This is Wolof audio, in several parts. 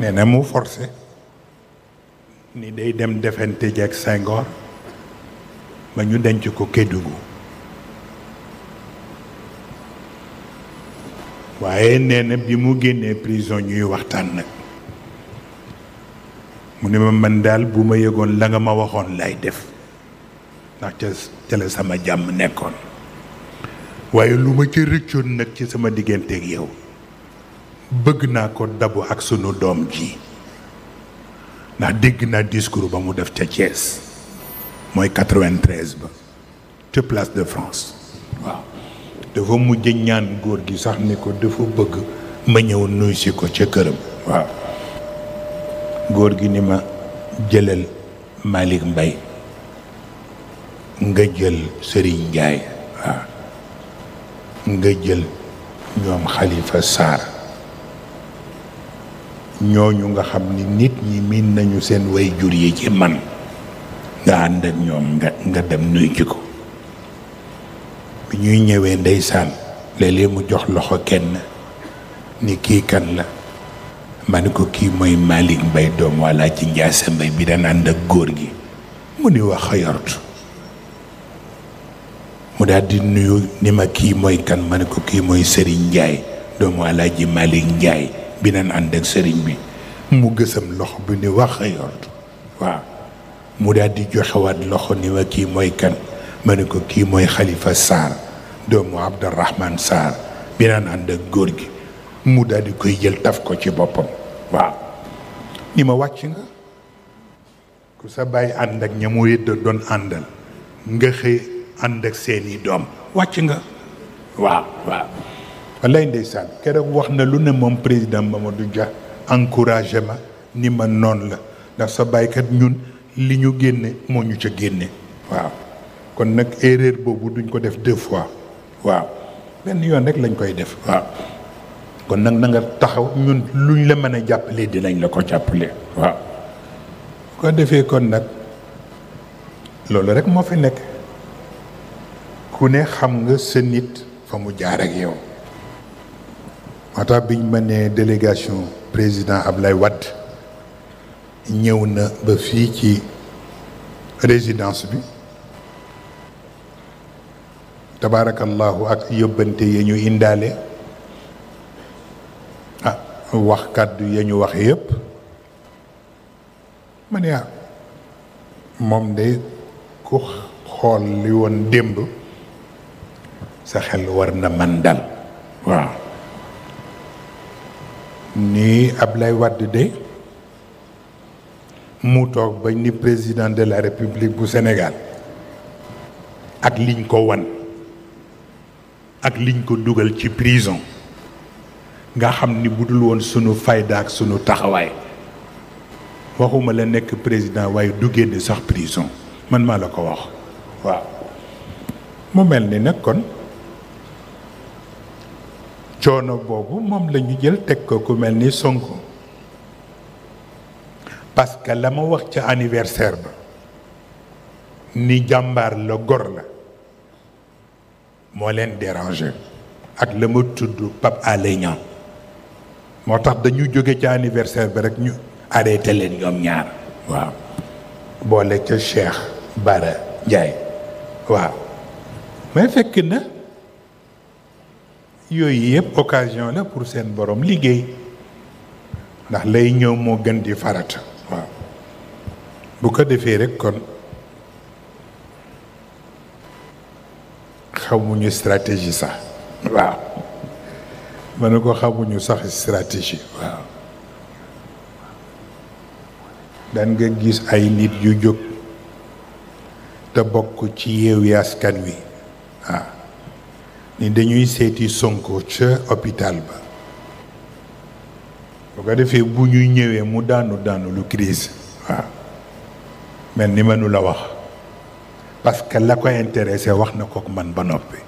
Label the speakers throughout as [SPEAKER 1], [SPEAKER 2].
[SPEAKER 1] nee na mu forcé ni day dem defante jeeg Senghor ba ñu denc ko Kédougou waaye nee bi mu génnee prison ñuy waxtaan nag mu ni ma man daal bu ma yëgoon la nga ma waxoon lay def ndax ca ca sama jàmm nekkoon waaye lu ma ca rëccoon nag ci sama digganteeg yow bëgg naa ko dabu ak sunu doom ji ndax dégg naa discours ba mu def ca Thiès mooy 93 ba te place de France waaw dafa mujj ñaan góor gi sax ni ko dafa bëgg ma ñëw nuyu si ko ca këram waaw góor gi ni ma jëlal Malick mbay nga jël Serigne Ndiaye waaw nga jël ñoom Khalifa Sarr ñooñu nga xam ni nit ñi miin nañu seen way jur yi ci man nga ànd ak ñoom nga nga dem nuy ci ko bi ñuy ñëwee ndeysaan léeg mu jox loxo kenn ni kii kan la ma ni ko kii mooy Malick Mbaye doom ci njaase mbay bi daan ànd góor gi mu ni wax xayort mu daldi nuyu ni ma kii mooy kan ma ni ko kii mooy Serigne Ndiaye doomu Alaaji Malick Ndiaye bi neen ànd ak sëriñ bi mu gësam loxo bi ni wax yor waaw mu daal joxewaat loxo ni ma kii mooy kan ma ni ko kii mooy xalifa Sarr doomu Abdourahman Sarr bi naan ànd ak góor gi mu daal koy jël taf ko ci boppam waaw ni ma wàcc nga ku sa bàyyi ànd ak ña mu yëdda doon àndal nga xëy ànd ak seeni doom wàcc nga waaw waaw wallaay ndeysaan keroog wax na lu ne moom président du Dia encouragé ma ni ma noonu la ndax sa baykat ñun li ñu génne moo ñu ca génne waaw kon nag erreur boobu duñ ko def deux fois waaw benn yoon rek lañ koy def waaw kon nag na nga taxaw ñun luñ la mën a jàppale dinañ la ko jàppalee waaw ko defee kon nag loolu rek moo fi nekk ku ne xam nga sa nit fa mu jaar ak yow moo tax biñ ma nee délégation président Ablaye Wade ñëw na ba fii ci résidence bi tabaarakallahu ak yóbbante ya ñu indaale ah wax kàddu ya ñu wax yëpp ma ah, moom de ku xool li woon démb sa xel war na man dal waaw ni Ablaye Wade de mu toog bañ ni président de la république bu Sénégal ak liñ ko wan ak liñ ko dugal ci prison nga xam ni bu dul woon sunu fayda ak sunu taxawaay waxuma la nekk président waaye du génn sax prison man maa la ko wax waaw mu mel ni nag coono boobu moom lañu jël teg ko ku mel ni Sonko parce que la ma wax ca anniversaire ba ni jàmbaar la gor la moo leen déranger ak la ma tudd Pape Alé Niang moo tax dañu jóge ca anniversaire ba rek ñu arrêté leen ñoom ñaar waaw boole ca Cheikh Bara Ndiaye waaw mais fekk na yooyu yëpp occasion la pour seen borom liggéey ndax lay ñëw moo gën di farata waaw bu ko defee rek kon xamuñu stratégie sax waaw ma ne ko xamuñu sax stratégie waaw dan nga gis ay nit yu jóg te bokk ci yeewi askan wi waaw ni dañuy seeti Sonko ca hôpital ba boo ko defee bu ñuy ñëwee mu daanu daanu lu crise waaw mel ni mënu wax parce que la ko intéressé wax na kook man ba noppi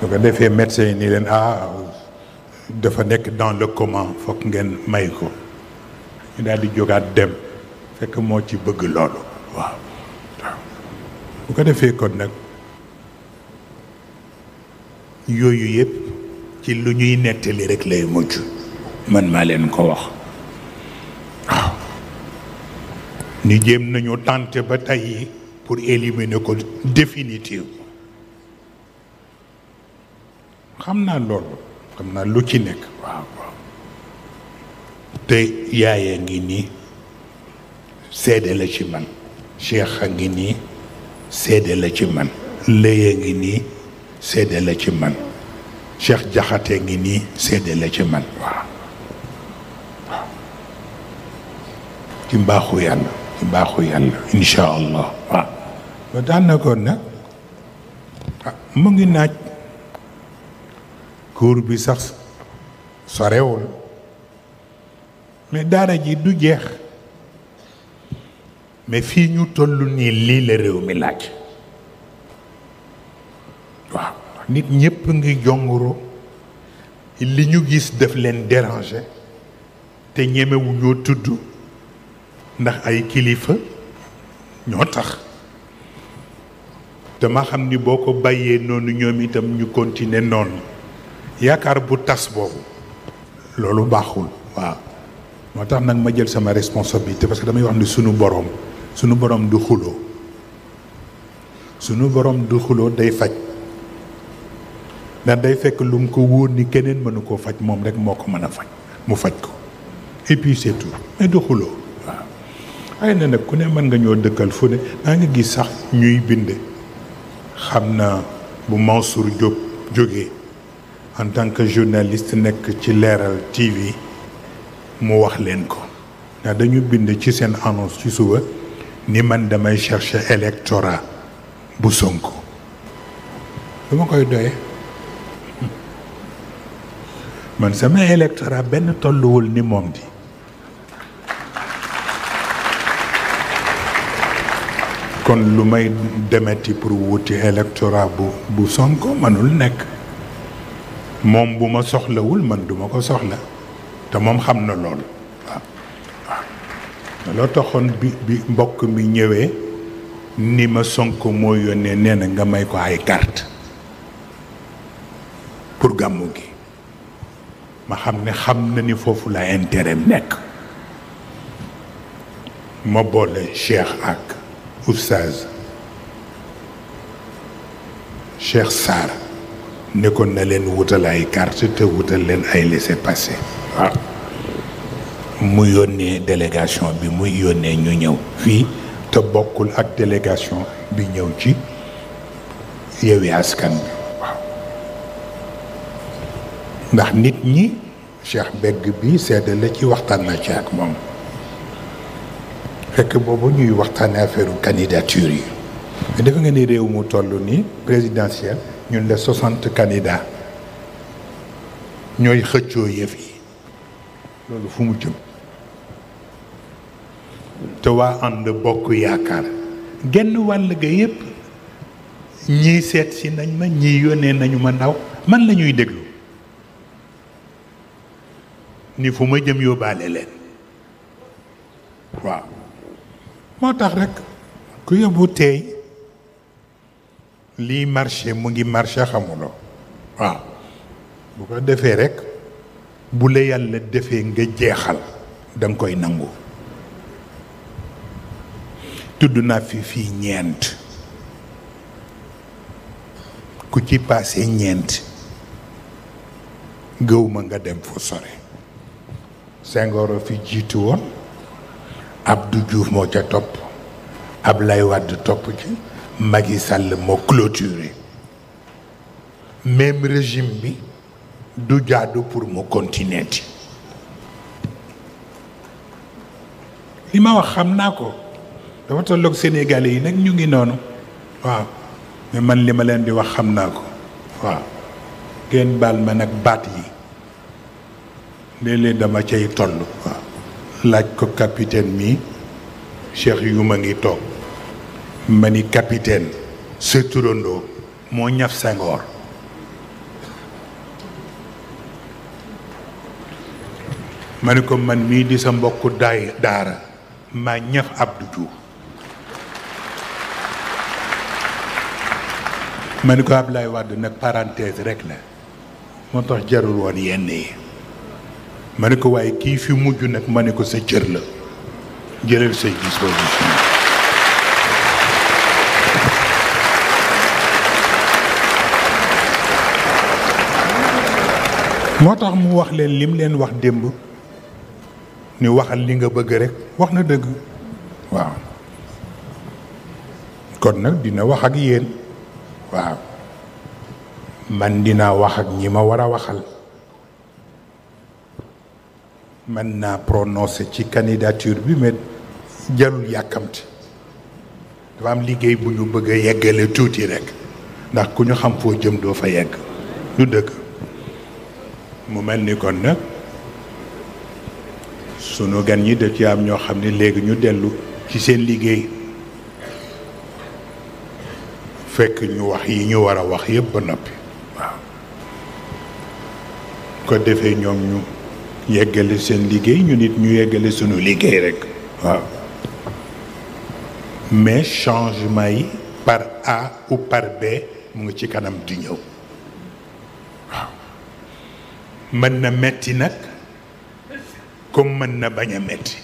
[SPEAKER 1] bu ko defee médecin ni leen ah dafa nekk dans le comment foog ngeen may ko ñu daal di jógaat dem fekk moo ci bëgg loolu waaw bu ko defee ko nag yooyu yëpp ci lu ñuy nettali rekk lay mujj man maa leen ko wax waaw ñu nañu tenter ba tey pour éliminer ko définitivement xam naa loolu xam naa lu ci nekk waaw waaw te yaaya ngi nii seede la ci man cheikh a ngi nii seede la ci man lëya ngi nii seede la ci man cheikh jaxate ngi nii seede la ci man waaw waaw ci mbaaxu yàlla ci mbaaxu yàlla incha allah waaw ba na ko nag ah, mu ngi naaj góor bi sax sorewul mais daara ji du jeex mais fii ñu tollu nii lii la réew mi laaj waaw nit ñëpp ngi jonguru li ñu gis def leen déranger te ñemewu ñoo tudd ndax ay kilifa ñoo tax dama xam ni boo ko bàyyee noonu ñoom itam ñu continuer noonu yaakaar bu tas boobu loolu baaxul waaw moo tax nag ma jël sama responsabilité parce que damay wax ni sunu boroom sunu borom du xuloo sunu boroom du xuloo day faj ndax day fekk lu mu ko wóor ni keneen mënu koo faj moom rek moo ko mën a faj mu faj ko et puis c'est mais du xuloo ay na ku ne mën nga ñoo dëkkal fu ne maa ngi gis sax ñuy bind xam na bu Mansour jóg jóge en tant que journaliste nekk ci leeral TV mu wax leen ko ndax dañu bind ci seen annonce ci suba. ni man damay chercher électorat bu sonk lu ma koy doyee man sama électorat benn tolluwul ni moom di kon lu may demeti pour wuti électorat bu bu Sonko mënul nekk moom bu ma soxlawul man duma ko soxla te moom xam na lool loo taxoon bi bi mbokk mi ñëwee ni ma sonk moo yónnee nee na nga may ko ay kart pour gàmmu gi ma xam ne xam na ni foofu la intérêt nekk ma boole Cheikh ak oustaz Cheikh Sarr nekkoon na leen wutal ay carte te wutal leen ay laissez-passer mu yónnee délégation bi muy yónnee ñu ñëw fii te bokkul ak délégation bi ñëw ci Yewwi Askan Wi ndax nit ñi Cheikh Begg bi sedd la ci waxtaan ci ak moom fekk boobu ñuy waxtaane affaire candidature yi mais defe nga ni réew mu toll ni présidentiel ñun la soixante candidats ñooy xëccoo yëf yi loolu fu mu jëm te waa ànd bokk yaakaar genn wàll ga yépp ñii seet si nañ ma ñii yónnee nañu ma ndaw man la ñuy déglu ni fu ma jëm yóbbaale leen waaw moo tax rek ku yóbbu teey lii marché mu ngi marché xamuloo waaw bu ko defee rekk bu la yàlla defee nga jeexal danga koy nangu tudd naa fi fii ñeent ku ci paase ñeent géwma nga dem fu sore Senghor a fi jiitu woon Abdou Diouf moo ca topp Ablaye Wade topp ci Macky Sall moo clôturé même régime bi du jaadu pour mu continuer li ma wax xam naa ko dafa tolloog sénégalais yi nag ñu ngi noonu waaw mais man li ma leen di wax xam naa ko waaw ngeen baal ma nag baat yi léeg-léeg dama cay toll waaw laaj ko capitaine mi cheikh yu ma ngi toog ma ni capitaine sa turandoo moo ñaf sangoor ma ni ko man mii di sa mbokku daay daara maa ñaf Abdou Diouf ma ni ko Ablaye Wade nag parenthèse rek la moo tax jarul woon yenn yi ma ne ko waaye kii fi mujj nag ma ne ko sa cër la jëlal say disposition moo tax mu wax leen lim leen wax démb ni waxal li nga bëgg rek wax na dëgg waaw kon nag dina wax ak yéen waaw man dinaa wax ak ñi ma war a waxal mën naa prononcé ci candidature bi mais jarul yàkkamti dafa am liggéey bu ñu bëgg a yeggale tuuti rekk ndax ku ñu xam foo jëm doo fa yegg lu dëkk mu mel ni kon nag sunu gan ñi da ci am ñoo xam ne léegi ñu dellu ci seen liggéey fekk ñu wax yi ñu war a wax yépp ba noppi waaw ko defee ñoom ñu yeggale seen liggéey ñu nit ñu yeggale sunu liggéey rekk waaw mais changement yi par A ou par B mu ngi ci kanam di ñëw mën na metti nag comme mën na bañ a metti